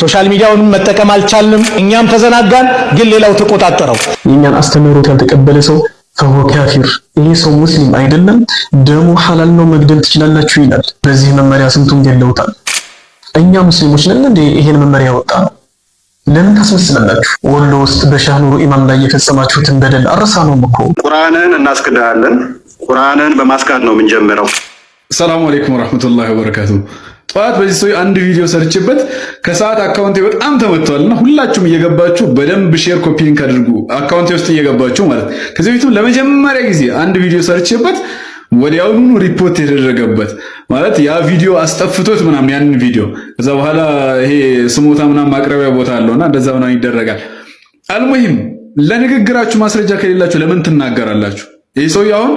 ሶሻል ሚዲያውን መጠቀም አልቻልንም፣ እኛም ተዘናጋን። ግን ሌላው ተቆጣጠረው። የእኛን አስተምህሮት ያልተቀበለ ሰው ፈሆ ካፊር፣ ይሄ ሰው ሙስሊም አይደለም፣ ደሙ ሐላል ነው፣ መግደል ትችላላችሁ ይላል። በዚህ መመሪያ ስንቱን ገለውታል። እኛ ሙስሊሞች ነን እንደ ይሄን መመሪያ ያወጣ ነው? ለምን ታስመስላላችሁ? ወሎ ውስጥ በሻህ ኑሩ ኢማም ላይ የፈጸማችሁትን በደል አረሳ ነው እኮ። ቁርአንን እናስክዳለን። ቁርአንን በማስካድ ነው የምንጀምረው። ሰላም አለይኩም ወራህመቱላሂ ወበረካቱ ጠዋት በዚህ ሰው አንድ ቪዲዮ ሰርችበት ከሰዓት አካውንቴ በጣም ተመቷል እና ሁላችሁም እየገባችሁ በደንብ ሼር ኮፒን ካድርጉ አካውንቴ ውስጥ እየገባችሁ ማለት ከዚህ በፊትም ለመጀመሪያ ጊዜ አንድ ቪዲዮ ሰርችበት ወዲያውኑ ሪፖርት የተደረገበት ማለት ያ ቪዲዮ አስጠፍቶት ምናምን ያንን ቪዲዮ ከዛ በኋላ ይሄ ስሞታ ምናምን ማቅረቢያ ቦታ አለውና እንደዛ ምናምን ይደረጋል። አልሙሂም ለንግግራችሁ ማስረጃ ከሌላችሁ ለምን ትናገራላችሁ? ይህ ሰውዬ አሁን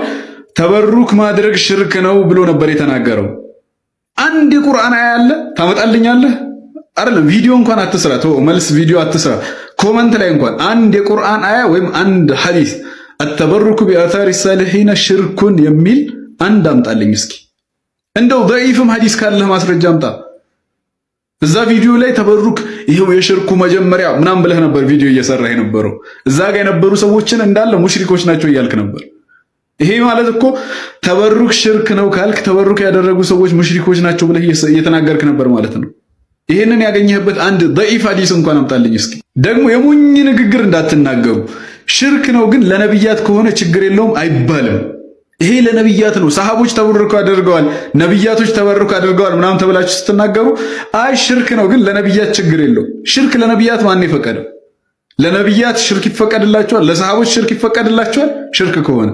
ተበሩክ ማድረግ ሽርክ ነው ብሎ ነበር የተናገረው። አንድ የቁርአን አያ አለ ታመጣልኛለህ? አይደለም ቪዲዮ እንኳን አትስራ፣ ተው መልስ ቪዲዮ አትስራ። ኮመንት ላይ እንኳን አንድ የቁርአን አያ ወይም አንድ ሐዲስ አተበሩኩ ቢአታሪ ሳሊሒነ ሽርኩን የሚል አንድ አምጣልኝ እስኪ። እንደው ደኢፍም ሐዲስ ካለህ ማስረጃ አምጣ። እዛ ቪዲዮ ላይ ተበሩክ ይሄው የሽርኩ መጀመሪያ ምናምን ብለህ ነበር ቪዲዮ እየሰራህ የነበረው። እዛ ጋር የነበሩ ሰዎችን እንዳለ ሙሽሪኮች ናቸው እያልክ ነበር። ይሄ ማለት እኮ ተበሩክ ሽርክ ነው ካልክ ተበሩክ ያደረጉ ሰዎች ሙሽሪኮች ናቸው ብለህ እየተናገርክ ነበር ማለት ነው። ይህንን ያገኘህበት አንድ ደኢፍ ሀዲስ እንኳን አምጣልኝ እስኪ። ደግሞ የሞኝ ንግግር እንዳትናገሩ። ሽርክ ነው ግን ለነብያት ከሆነ ችግር የለውም አይባልም። ይሄ ለነብያት ነው። ሰሃቦች ተበሩክ አድርገዋል፣ ነብያቶች ተበሩክ አድርገዋል ምናምን ተብላችሁ ስትናገሩ አይ ሽርክ ነው ግን ለነብያት ችግር የለውም። ሽርክ ለነብያት ማን የፈቀደው? ለነብያት ሽርክ ይፈቀድላቸዋል? ለሰሃቦች ሽርክ ይፈቀድላቸዋል? ሽርክ ከሆነ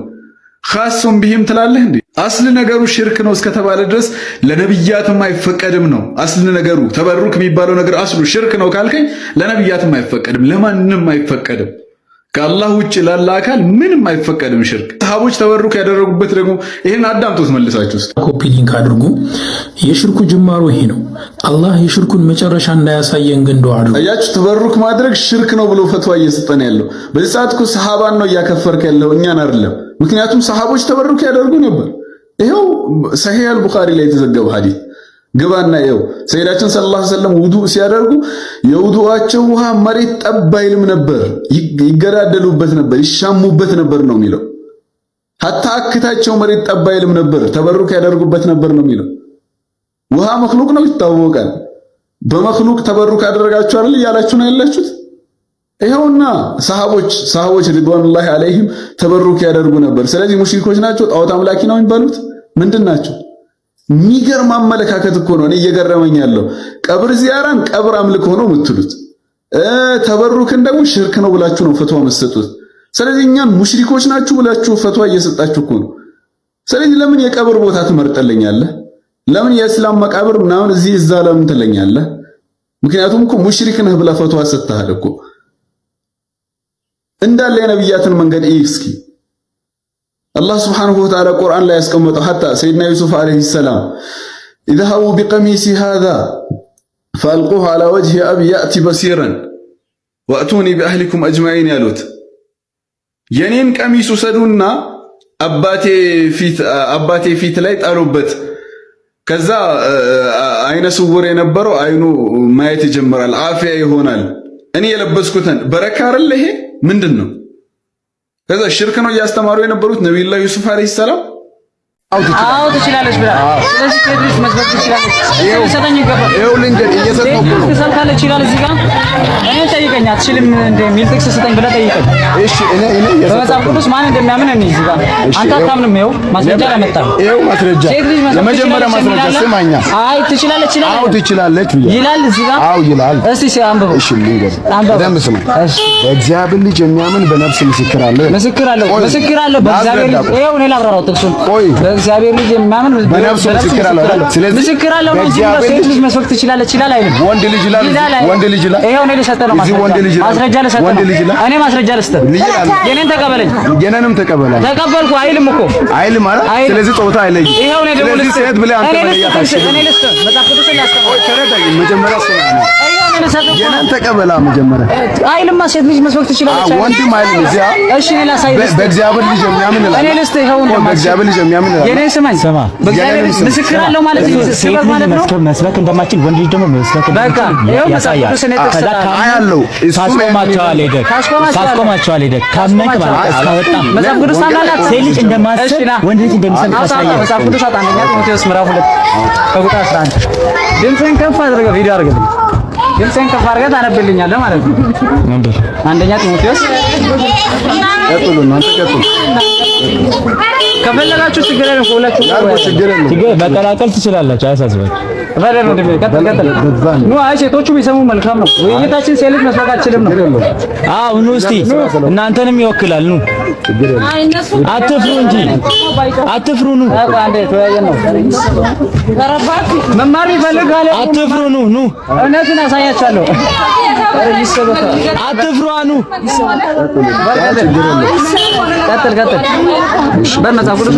ካሱም ቢህም ትላለህ እንዴ? አስል ነገሩ ሽርክ ነው እስከተባለ ድረስ ለነብያትም አይፈቀድም ነው አስል ነገሩ። ተበሩክ የሚባለው ነገር አስሉ ሽርክ ነው ካልከኝ ለነብያትም አይፈቀድም፣ ለማንም አይፈቀድም። ከአላህ ውጭ ላለ አካል ምንም አይፈቀድም ሽርክ። ሰሃቦች ተበሩክ ያደረጉበት ደግሞ ይህን አዳምጦት መልሳችሁ ውስጥ ኮፒ ሊንክ አድርጉ። የሽርኩ ጅማሮ ይሄ ነው። አላህ የሽርኩን መጨረሻ እንዳያሳየን ግን ዱዓ አድርጉ። አያችሁ፣ ተበሩክ ማድረግ ሽርክ ነው ብሎ ፈትዋ እየሰጠን ያለው በዚህ ሰዓት እኮ ሰሃባን ነው እያከፈርክ ያለው እኛን አይደለም። ምክንያቱም ሰሃቦች ተበሩክ ያደርጉ ነበር። ይኸው ሰሂህ አልቡኻሪ ላይ የተዘገበ ሐዲስ ግባና ይኸው ሰይዳችን ሰለላሁ ዐለይሂ ወሰለም ውዱእ ሲያደርጉ የውዱአቸው ውሃ መሬት ጠብ አይልም ነበር፣ ይገዳደሉበት ነበር፣ ይሻሙበት ነበር ነው የሚለው። ሐታ አክታቸው መሬት ጠብ አይልም ነበር፣ ተበሩክ ያደርጉበት ነበር ነው የሚለው። ውሃ መክሉቅ ነው ይታወቃል። በመክሉቅ ተበሩክ አደረጋችሁ አይደል እያላችሁ ነው ያላችሁት። ይኸውና ሰሃቦች ሰሃቦች ሪድዋኑላሂ አለይሂም ተበሩክ ያደርጉ ነበር። ስለዚህ ሙሽሪኮች ናቸው፣ ጣዖት አምላኪ ነው የሚባሉት ምንድን ናቸው? የሚገርም አመለካከት እኮ ነው። እኔ እየገረመኝ ያለው ቀብር ዚያራን ቀብር አምልኮ ነው የምትሉት፣ ተበሩክን ደግሞ ሽርክ ነው ብላችሁ ነው ፈትዋ የምትሰጡት። ስለዚህ እኛን ሙሽሪኮች ናችሁ ብላችሁ ፈትዋ እየሰጣችሁ እኮ ነው። ስለዚህ ለምን የቀብር ቦታ ትመርጠልኛለህ? ለምን የእስላም መቃብር ምናምን እዚህ እዛ ለምን ትለኛለህ? ምክንያቱም እኮ ሙሽሪክ ነህ ብላ ፈትዋ ሰጥተሃል እኮ እንዳለ የነብያትን መንገድ እይ እስኪ። አላህ ስብሓንሁ ወተዓላ ቁርአን ላይ ያስቀመጠው ሐታ ሰይድና ዩሱፍ ዓለይሂ ሰላም ኢዝሀቡ ቢቀሚሲ ሃዛ ፈአልቁሁ ዓላ ወጅሂ አቢ ያእቲ በሲረን ወእቱኒ ቢአህሊኩም አጅማዒን ያሉት የኔን ቀሚስ ውሰዱና አባቴ ፊት ላይ ጣሉበት። ከዛ አይነ ስውር የነበረው አይኑ ማየት ይጀምራል፣ አፍያ ይሆናል። እኔ የለበስኩትን በረካ አይደለ ይሄ ምንድን ነው? ከዛ ሽርክ ነው እያስተማሩ የነበሩት ነቢዩላህ ዩሱፍ አለይሂ ሰላም አዎ ትችላለች ብላ ስለዚህ ቴድሪስ መስበክ ትችላለች። ሰጠኝ ይገባል ትሰብካለች ይላል እዚህ ጋር እኔ ጠይቀኝ አትችልም እንደሚል ጥቅስ ስጠኝ ብለህ ጠይቀኝ። በመጽሐፍ ቅዱስ ማን እንደሚያምን እኔ እዚህ ጋር አንተ አታምንም። ይኸው ማስረጃ አላመጣም። ይኸው ማስረጃ የመጀመሪያ ማስረጃ ስማኛ። አይ ትችላለች ይላል። አዎ ትችላለች ይላል እዚህ ጋር። አዎ ይላል። እስቲ አንብበው። እሺ ልንገር፣ በደምብ ስማ። በእግዚአብሔር ልጅ የሚያምን በነፍስ ምስክር አለው። ምስክር አለው። ምስክር አለው። በእግዚአብሔር ልጅ ይኸው እኔ ላብራራው ጥቅሱን በእግዚአብሔር ልጅ የሚያምን በነፍሱ ምስክር አለው ስለዚህ ምስክር አለው ነው እንጂ ሴት ልጅ መስበክ ትችላለች ይላል አይደል? ወንድ ልጅ ይላል፣ ወንድ ልጅ ይላል። ይሄው ነው ልሰጠህ ነው ማስረጃ ልሰጠህ ነው። እኔ ማስረጃ ልጅ ልስጥህ። የኔን ተቀበለኝ፣ የእኔንም ተቀበለኝ። ተቀበልኩ አይልም እኮ አይልም ማለት ስለዚህ ጾታ አይለኝ። ይሄው እኔ ደግሞ ልስጥህ። እኔ ልስጥህ መጽሐፍ ቅዱስ ያስተምራል። ተረዳኝ መጀመሪያ ስለሆነ የእናንተ ቀበላ መጀመሪያ አይልማ ሴት ልጅ መስበክ ትችላለች። ወንድም አይልም እዚያ። እሺ እኔ ላሳይ። በእግዚአብሔር ልጅ የሚያምን እላለሁ። እኔ ልስጥህ። ይኸውልህ በእግዚአብሔር ልጅ የሚያምን እላለሁ። የእኔን ስማኝ። በእግዚአብሔር ምስክር አለው ማለት ነው። ሴት ልጅ መስበክ እንደማችል ወንድ ልጅ ደግሞ መስበክ ድምፅህን ከፍ አድርገህ ቪዲዮ አድርግልኝ ድምፅህን ከፍ አድርገህ ታነብልኛለህ ማለት ነው። አንደኛ ጢሞቴዎስ ቀጥሉ ነው። ከፈለጋችሁ ችግር የለም። ሁለቱም ችግር መቀላቀል ትችላላችሁ። አያሳስባችሁ ሴቶቹ ቢሰሙ መልካም ነው። ውይይታችን ሴልፍ መስበክ አችልም ነው። አዎ ኑ እስቲ እናንተንም ይወክላል። ኑ አትፍሩ እንጂ አትፍሩ። ኑ መማር ይፈልግ አለ። አትፍሩ። ኑ ኑ እውነቱን አሳያችኋለሁ። አትፍሩ። ኑ ቀጥል ቀጥል በመጽሐፍ ቅዱስ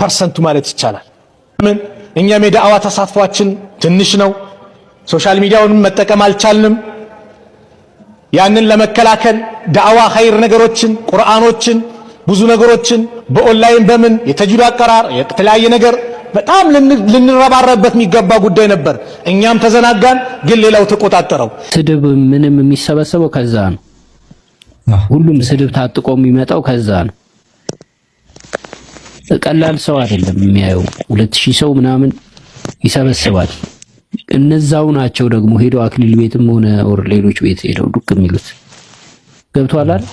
ፐርሰንቱ ማለት ይቻላል። ምን እኛም የዳዕዋ ተሳትፏችን ትንሽ ነው። ሶሻል ሚዲያውንም መጠቀም አልቻልንም። ያንን ለመከላከል ዳዕዋ ኸይር ነገሮችን ቁርአኖችን፣ ብዙ ነገሮችን በኦንላይን በምን የተጅዱ አቀራር የተለያየ ነገር በጣም ልንረባረብበት የሚገባ ጉዳይ ነበር። እኛም ተዘናጋን፣ ግን ሌላው ተቆጣጠረው። ስድብ ምንም የሚሰበሰበው ከዛ ነው። ሁሉም ስድብ ታጥቆ የሚመጣው ከዛ ነው። ቀላል ሰው አይደለም የሚያየው። ሁለት ሺህ ሰው ምናምን ይሰበስባል። እነዛው ናቸው ደግሞ ሄደው አክሊል ቤትም ሆነ ወር ሌሎች ቤት ሄደው ዱቅ የሚሉት ገብቷል አይደል?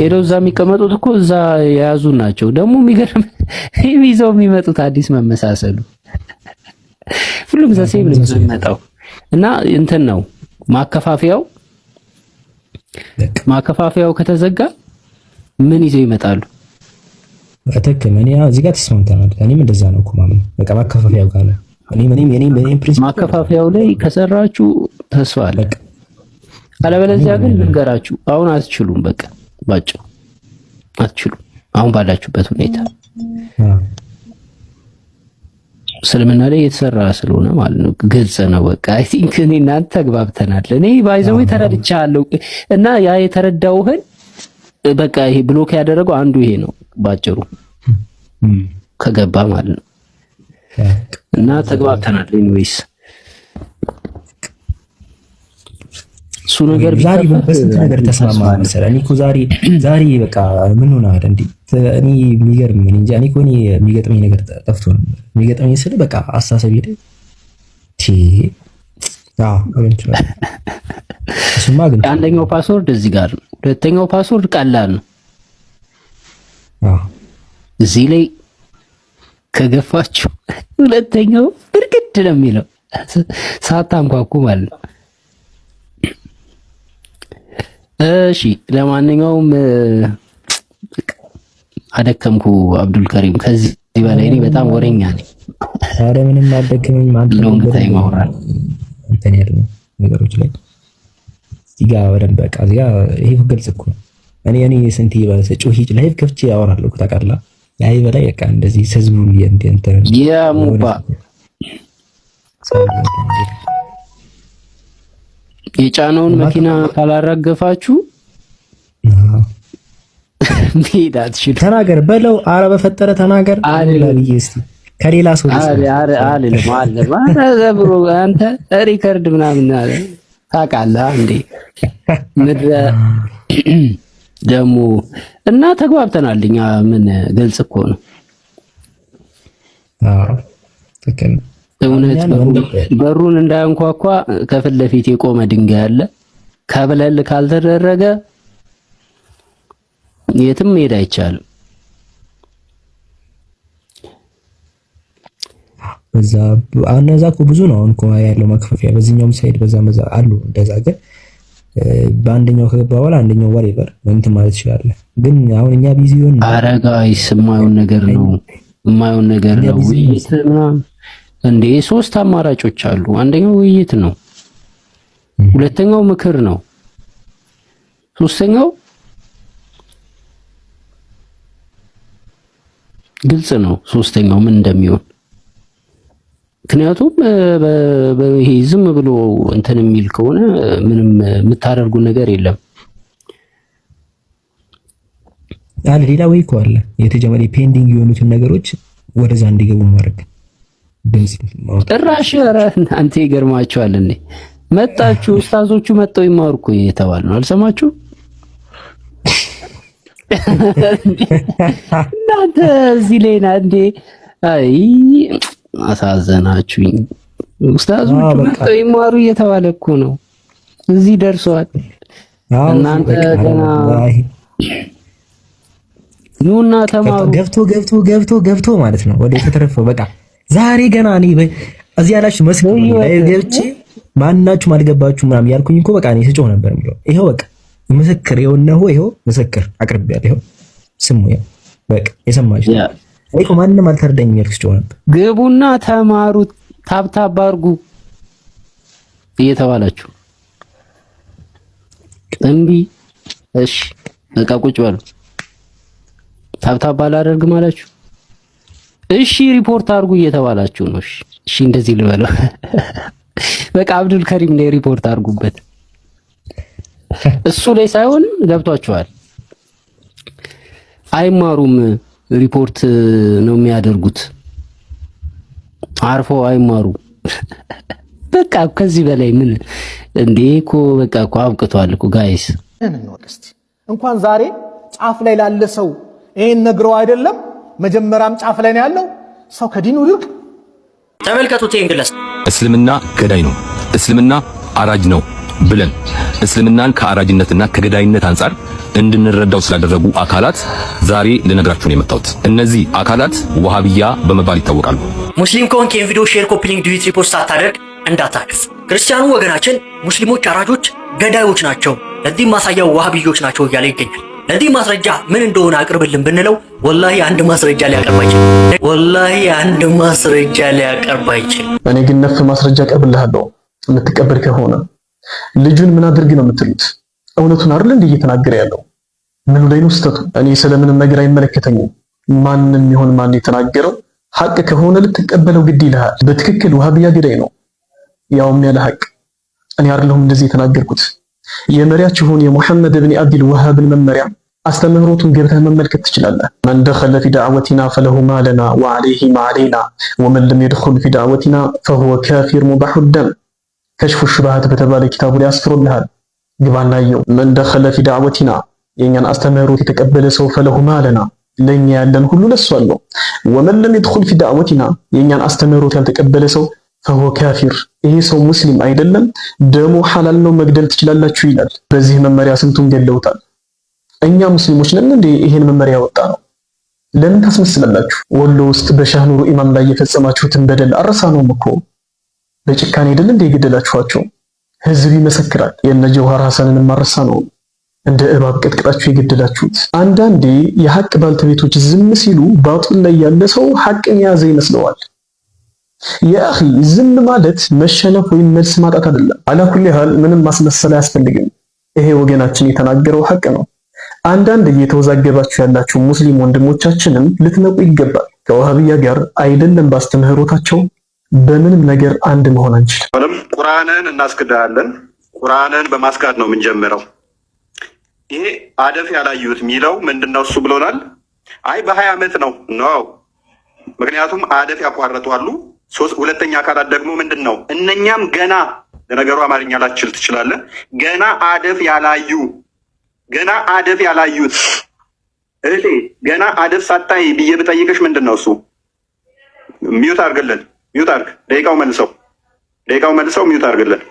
ሄደው እዛ የሚቀመጡት እኮ እዛ የያዙ ናቸው። ደግሞ የሚገርም ይዘው የሚመጡት አዲስ መመሳሰሉ ሁሉም ዘሴም ነው የሚመጣው እና እንትን ነው ማከፋፊያው ማከፋፊያው ከተዘጋ ምን ይዘው ይመጣሉ? በትክክል እኔ እዚህ ጋር ተስማምተናል። እኔም እንደዛ ነው እኮ ማምነው በቃ ማከፋፈያው ጋር ነው። ማከፋፈያው ላይ ከሰራችሁ ተስፋ አለ። አለበለዚያ ግን ልንገራችሁ አሁን አትችሉም። በቃ ባጭ አትችሉም። አሁን ባላችሁበት ሁኔታ እስልምና ላይ የተሰራ ስለሆነ ማለት ነው። ግልጽ ነው። በቃ አይ ቲንክ እኔ እናንተ ተግባብተናል። እኔ ባይዘው ተረድቻለሁ እና ያ የተረዳውህን በቃ ይሄ ብሎክ ያደረገው አንዱ ይሄ ነው። ባጭሩ ከገባ ማለት ነው። እና ተግባብተናል። ኤኒዌይስ እሱ ነገር ዛሬ በስንት ነገር ተስማማ መሰለህ። እኔ እኮ ዛሬ ዛሬ በቃ ምን ሆነ አይደል እንዴ? እኔ የሚገርም እኔ እንጃ። እኔ እኮ እኔ የሚገጥመኝ ነገር ጠፍቶ ነው የሚገጥመኝ ስል በቃ አሳሰብ ሄደ። ቲ አዎ እሱማ ግን አንደኛው ፓስወርድ እዚህ ጋር ነው። ሁለተኛው ፓስወርድ ቀላል ነው። እዚህ ላይ ከገፋችሁ ሁለተኛው ብርግድ ነው የሚለው ሳታንኳኩ ማለት ነው። እሺ ለማንኛውም አደከምኩ አብዱል ከሪም። ከዚህ በላይ እኔ በጣም ወሬኛ ነኝ። አረ ምንም አልደከመኝም። አንተ ሎንግ ታይም አውራል እንትን ያለው ነገሮች ላይ እዚህ ጋር በደንብ በቃ እዚህ ጋር ይሄ ግልጽ እኮ ነው። እኔ እኔ ስንት ይባሰ ጮሂጭ ላይቭ ከፍቼ ያወራለሁ ታውቃላ። ላይ በላይ በቃ እንደዚህ ህዝቡ እንደ እንትን የሙባ የጫነውን መኪና ካላራገፋችሁ መሄድ አትችልም። ተናገር በለው። አረ በፈጠረ ተናገር አለብዬ እስቲ ከሌላ ሰው አልልም አለ ብሮ አንተ ሪከርድ ምናምን ታውቃለህ እንዴ ምድረ ደግሞ እና ተግባብተናል። እኛ ምን ግልጽ እኮ ነው። እውነት በሩን እንዳያንኳኳ ከፊት ለፊት የቆመ ድንጋይ አለ። ከብለል ካልተደረገ የትም መሄድ አይቻልም። በዛ እነዛ እኮ ብዙ ነው አሁን እኮ ያለው ማክፈፊያ በዚህኛውም ሳይድ በዛ መዛ አሉ እንደዛ ግን በአንደኛው ከገባ በኋላ አንደኛው ወሬቨር እንትን ማለት ይችላል። ግን አሁን እኛ ቢዚ ሆን አረጋይስ የማየውን ነገር ነው የማየውን ነገር ነው ውይይት ምናምን እንዴ፣ ሶስት አማራጮች አሉ። አንደኛው ውይይት ነው፣ ሁለተኛው ምክር ነው፣ ሶስተኛው ግልጽ ነው። ሶስተኛው ምን እንደሚሆን ምክንያቱም ይሄ ዝም ብሎ እንትን የሚል ከሆነ ምንም የምታደርጉ ነገር የለም። አለ ሌላ ወይ እኮ አለ የተጀመረ ፔንዲንግ የሆኑትን ነገሮች ወደዛ እንዲገቡ ማድረግ ጥራሽ። ጭራሽ አንተ ይገርማችኋል። እኔ መጣችሁ ኡስታዞቹ መጣው ይማሩ እኮ የተባለ ነው። አልሰማችሁ እናንተ እዚህ ላይ እንዴ? አይ አሳዘናችሁኝ። ኡስታዞቹ ይማሩ እየተባለ እኮ ነው እዚህ ደርሰዋል። እናንተ ገና ኑና ተማሩ። ገብቶ ገብቶ ገብቶ ገብቶ ማለት ነው ወደ የተተረፈው በቃ ዛሬ ገና እኔ እዚህ ያላችሁ መስክ ገብቼ ማናችሁም አልገባችሁ ምናምን ያልኩኝ እኮ በቃ እኔ ስጮህ ነበር የሚለው ይኸው በቃ ምስክር ይኸው እነሆ ይኸው ምስክር አቅርቤያለሁ። ይኸው ስሙ ይኸው በቃ የሰማችሁ እኮ ማንም አልተረዳኝም ያልኩት ጮኸ ነበር። ግቡና ተማሩ፣ ታብታብ አድርጉ እየተባላችሁ እምቢ። እሺ በቃ ቁጭ በሉ። ታብታብ አላደርግም አላችሁ። እሺ ሪፖርት አድርጉ እየተባላችሁ ነው። እሺ እሺ፣ እንደዚህ ልበለው በቃ አብዱል ከሪም ላይ ሪፖርት አድርጉበት። እሱ ላይ ሳይሆን ገብቷችኋል። አይማሩም ሪፖርት ነው የሚያደርጉት። አርፈው አይማሩ። በቃ ከዚህ በላይ ምን እንዴ? እኮ በቃ እኮ አብቅቷል እኮ ጋይስ። እንኳን ዛሬ ጫፍ ላይ ላለ ሰው ይሄን ነግረው አይደለም መጀመሪያም ጫፍ ላይ ነው ያለው ሰው ከዲኑ ይርቅ። ተመልከቱት፣ ይሄን ግለሰብ እስልምና ገዳይ ነው፣ እስልምና አራጅ ነው ብለን እስልምናን ከአራጅነትና ከገዳይነት አንጻር እንድንረዳው ስላደረጉ አካላት ዛሬ ልነግራችሁ ነው የመጣሁት። እነዚህ አካላት ወሃቢያ በመባል ይታወቃሉ። ሙስሊም ከሆንክ ይህን ሼር፣ ኮፒ ሊንክ፣ ዲዩት ሪፖርት ሳታደርግ እንዳታልፍ። ክርስቲያኑ ወገናችን ሙስሊሞች አራጆች፣ ገዳዮች ናቸው፣ ለዚህ ማሳያው ወሃቢዮች ናቸው እያለ ይገኛል። ለዚህ ማስረጃ ምን እንደሆነ አቅርብልን ብንለው ወላሂ አንድ ማስረጃ ሊያቀርብ አይችልም። ወላሂ አንድ ማስረጃ ሊያቀርብ አይችልም። እኔ ግን ነፍ ማስረጃ አቀርብልሃለሁ የምትቀበል ከሆነ ልጁን ምን አድርግ ነው የምትሉት? እውነቱን አይደል እንዴ እየተናገረ ያለው? ምኑ ላይ ነው ስተቱ? እኔ ስለምንም ነገር አይመለከተኝም። ማንም ይሁን ማን የተናገረው ሀቅ ከሆነ ልትቀበለው ግድ ይልሃል። በትክክል ውሃብያ ቢዳይ ነው ያውም ያለ ሐቅ። እኔ አይደለሁም እንደዚህ የተናገርኩት። የመሪያችሁን የሙሐመድ ብን አብዲል ወሃብን መመሪያ አስተምህሮቱን ገብተህ መመልከት ትችላለህ። መን ደኸለ ፊ ዳዕወቲና ፈለሁ ማለና ወዐለይሂ ማዐለይና ወመን ለም የድኹል ፊ ዳዕወቲና ፈሁወ ካፊር ሙባሑ ደም ከሽፉ ሽባሃት በተባለ ኪታቡ ላይ አስፍሮልሃል። ግባና የው መን ደኸለ ፊ ዳዕወቲና የእኛን አስተምህሮት የተቀበለ ሰው ፈለሁማ ለና ለኛ ያለን ሁሉ ለሱ አለው። ወመን ለም ይድኹል ፊ ዳዕወቲና የኛን አስተምህሮት ያልተቀበለ ሰው ፈሆ ካፊር፣ ይሄ ሰው ሙስሊም አይደለም። ደሞ ሐላል ነው፣ መግደል ትችላላችሁ ይላል። በዚህ መመሪያ ስንቱን ገለውታል። እኛ ሙስሊሞች ነን እንዴ ይሄን መመሪያ ያወጣ ነው? ለምን ታስመስላላችሁ? ወሎ ውስጥ በሻህ ኑሩ ኢማም ላይ የፈጸማችሁትን በደል አረሳነውም እኮ በጭካኔ አይደል እንዴ የገደላችኋቸው? ህዝብ ይመሰክራል። የነ ጀውሃር ሐሰንን ማረሳ ነው እንደ እባብ ቀጥቅጣችሁ የገደላችሁት። አንዳንዴ የሀቅ ባልተቤቶች ዝም ሲሉ ባጡል ላይ ያለ ሰው ሀቅን የያዘ ይመስለዋል። የአኺ ዝም ማለት መሸነፍ ወይም መልስ ማጣት አይደለም። አላኩል ያህል ምንም ማስመሰል አያስፈልግም። ይሄ ወገናችን የተናገረው ሀቅ ነው። አንዳንድ እየተወዛገባችሁ ያላችሁ ሙስሊም ወንድሞቻችንም ልትነቁ ይገባል። ከወሃብያ ጋር አይደለም ባስተምህሮታቸው በምንም ነገር አንድ መሆን አንችልም። ቁርአንን እናስክዳለን። ቁርአንን በማስካድ ነው የምንጀምረው። ይሄ አደፍ ያላዩት የሚለው ምንድን ነው? እሱ ብሎናል። አይ በሀያ ዓመት ነው ነው። ምክንያቱም አደፍ ያቋረጧሉ። አሉ። ሁለተኛ አካላት ደግሞ ምንድን ነው? እነኛም ገና ለነገሩ አማርኛ ላችል ትችላለህ። ገና አደፍ ያላዩ ገና አደፍ ያላዩት እህቴ፣ ገና አደፍ ሳታይ ብዬ ብጠይቅሽ ምንድን ነው እሱ? ሚዩት አርግልን፣ ሚዩት አርግ፣ ደቂቃው መልሰው፣ ደቂቃው መልሰው፣ ሚዩት አርግልን።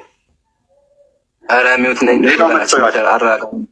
ኧረ ሚዩት ነኝ። ደቂቃው መልሰው፣ ደቂቃው መልሰው፣ ሚዩት አርግልን ኧረ ሚዩት ነኝ ደቂቃው መልሰው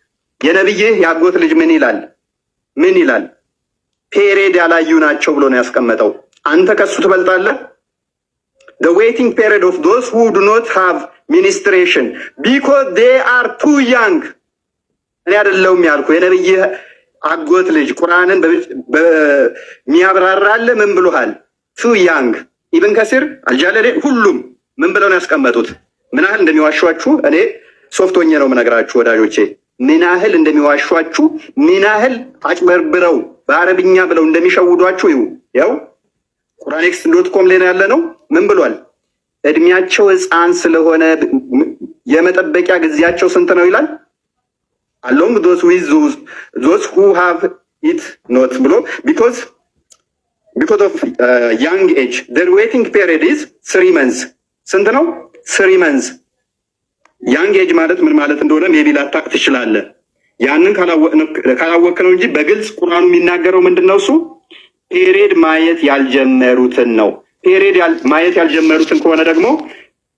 የነብይህ የአጎት ልጅ ምን ይላል? ምን ይላል? ፔሬድ ያላዩ ናቸው ብሎ ነው ያስቀመጠው። አንተ ከሱ ትበልጣለህ። the waiting period of those who do not have ministration because they are too young እኔ አይደለሁም ያልኩ የነብይህ አጎት ልጅ ቁርአንን በሚያብራራለ ምን ብሎሃል? ቱ ያንግ ኢብን ከሲር አልጃለዴ ሁሉም ምን ብለው ነው ያስቀመጡት? ምን ያህል እንደሚዋሿችሁ እኔ ሶፍት ሆኜ ነው የምነግራችሁ ወዳጆቼ። ምን ያህል እንደሚዋሿችሁ ምን ያህል አጭበርብረው በአረብኛ ብለው እንደሚሸውዷችሁ ይሁ ያው ቁርአን ዶት ኮም ላይ ያለ ነው። ምን ብሏል? እድሜያቸው ህፃን ስለሆነ የመጠበቂያ ጊዜያቸው ስንት ነው ይላል። አሎንግ ዶስ ዊዝ ዶስ ሁ ሃቭ ኢት ኖት ብሎ ቢኮዝ ቢኮዝ ኦፍ ያንግ ኤጅ ዴር ዌቲንግ ፔሪድ ኢዝ ስሪ መንዝ ስንት ነው? ስሪ መንዝ ያንጌጅ ማለት ምን ማለት እንደሆነ ሜቢ ላታቅ ትችላለህ። ያንን ካላወቅ ነው እንጂ በግልጽ ቁርአኑ የሚናገረው ምንድን ነው? እሱ ፔሬድ ማየት ያልጀመሩትን ነው። ፔሬድ ማየት ያልጀመሩትን ከሆነ ደግሞ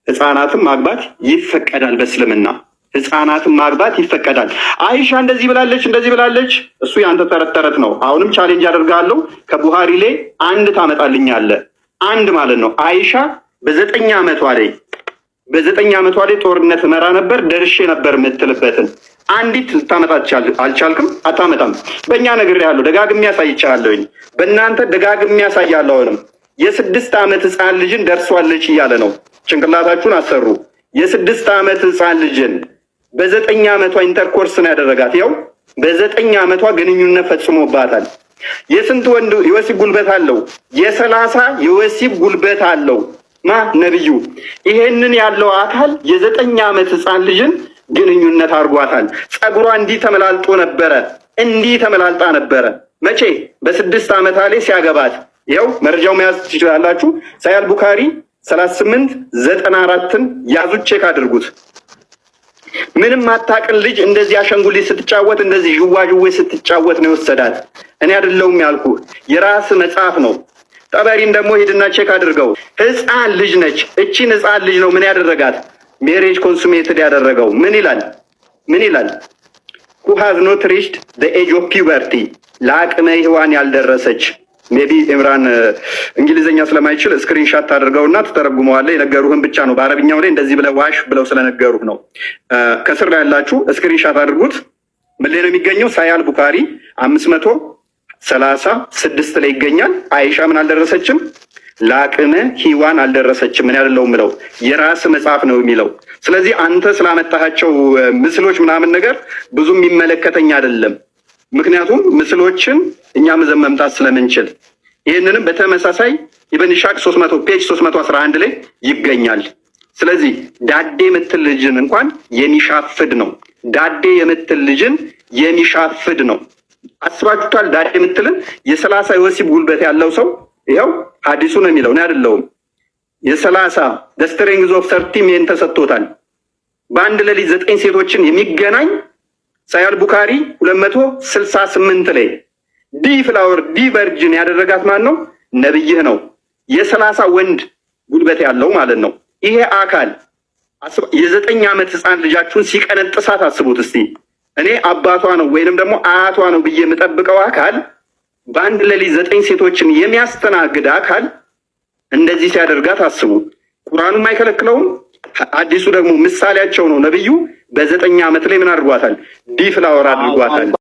ህፃናትን ማግባት ይፈቀዳል። በእስልምና ህፃናትን ማግባት ይፈቀዳል። አይሻ እንደዚህ ብላለች፣ እንደዚህ ብላለች። እሱ ያንተ ተረት ተረት ነው። አሁንም ቻሌንጅ አደርጋለሁ። ከቡሃሪ ላይ አንድ ታመጣልኛለህ። አንድ ማለት ነው አይሻ በዘጠኝ ዓመቷ ላይ በዘጠኝ ዓመቷ ላይ ጦርነት መራ ነበር ደርሼ ነበር የምትልበትን አንዲት ልታመጣ አልቻልክም። አታመጣም። በእኛ ነግሬሃለሁ፣ ደጋግሜ አሳይቻለሁኝ። በእናንተ ደጋግሜ አሳያለሁ። አሁንም የስድስት ዓመት ህፃን ልጅን ደርሷለች እያለ ነው። ጭንቅላታችሁን አሰሩ። የስድስት ዓመት ህፃን ልጅን በዘጠኝ ዓመቷ ኢንተርኮርስ ነው ያደረጋት። ያው በዘጠኝ ዓመቷ ግንኙነት ፈጽሞባታል። የስንት ወንድ የወሲብ ጉልበት አለው? የሰላሳ የወሲብ ጉልበት አለው። ማ ነብዩ ይሄንን ያለው አካል የዘጠኝ ዓመት ህፃን ልጅን ግንኙነት አድርጓታል። ጸጉሯ እንዲህ ተመላልጦ ነበረ፣ እንዲህ ተመላልጣ ነበረ። መቼ? በስድስት ዓመቷ ላይ ሲያገባት። ይኸው መረጃው መያዝ ትችላላችሁ። ሳያል ቡካሪ ሰላሳ ስምንት ዘጠና አራትን ያዙ፣ ቼክ አድርጉት። ምንም አታቅን ልጅ እንደዚህ አሻንጉሊት ስትጫወት እንደዚህ ዥዋዥዌ ስትጫወት ነው የወሰዳት። እኔ አይደለሁም ያልኩ የራስ መጽሐፍ ነው። ጠበሪን ደግሞ ሂድና ቼክ አድርገው። ህፃን ልጅ ነች። እቺን ህፃን ልጅ ነው ምን ያደረጋት? ሜሬጅ ኮንሱሜትድ ያደረገው ምን ይላል? ምን ይላል? ሁ ሃዝ ኖት ሪችድ ዘ ኤጅ ኦፍ ፒበርቲ ለአቅመ ህዋን ያልደረሰች። ሜቢ ኢምራን uh, እንግሊዝኛ ስለማይችል ስክሪንሻት አድርገውና ትተረጉመዋለህ። የነገሩህን ብቻ ነው። በአረብኛው ላይ እንደዚህ ብለህ ዋሽ ብለው ስለነገሩህ ነው። uh, ከስር ላይ ያላችሁ ስክሪንሻት አድርጉት። ምን ላይ ነው የሚገኘው? ሳያል ቡካሪ አምስት መቶ ሰላሳ ስድስት ላይ ይገኛል። አይሻ ምን አልደረሰችም? ለአቅመ ሔዋን አልደረሰችም። ምን ያለው ምለው የራስ መጽሐፍ ነው የሚለው። ስለዚህ አንተ ስላመጣሃቸው ምስሎች ምናምን ነገር ብዙም የሚመለከተኝ አይደለም። ምክንያቱም ምስሎችን እኛ ምዘን መምጣት ስለምንችል ይህንንም በተመሳሳይ ኢብን ኢስሐቅ ሶስት መቶ ፔጅ ሶስት መቶ አስራ አንድ ላይ ይገኛል። ስለዚህ ዳዴ የምትል ልጅን እንኳን የሚሻፍድ ነው። ዳዴ የምትል ልጅን የሚሻፍድ ነው። አስባችሁታል? ዳ የምትልን የሰላሳ የወሲብ ጉልበት ያለው ሰው ይኸው ሀዲሱ ነው የሚለው እኔ አይደለሁም። የሰላሳ ደስተሬንግዝ ኦፍ ሰርቲም ይህን ተሰጥቶታል። በአንድ ሌሊት ዘጠኝ ሴቶችን የሚገናኝ ሳያል ቡካሪ ሁለት መቶ ስልሳ ስምንት ላይ ዲ ፍላወር ዲ ቨርጅን ያደረጋት ማን ነው? ነብይህ ነው። የሰላሳ ወንድ ጉልበት ያለው ማለት ነው። ይሄ አካል የዘጠኝ ዓመት ህፃን ልጃችሁን ሲቀነጥሳት አስቡት እስቲ። እኔ አባቷ ነው ወይንም ደግሞ አያቷ ነው ብዬ የምጠብቀው አካል በአንድ ሌሊት ዘጠኝ ሴቶችን የሚያስተናግድ አካል እንደዚህ ሲያደርጋት አስቡ። ቁርአኑም አይከለክለውም። አዲሱ ደግሞ ምሳሌያቸው ነው። ነብዩ በዘጠኝ ዓመት ላይ ምን አድርጓታል? ዲፍላወር አድርጓታል።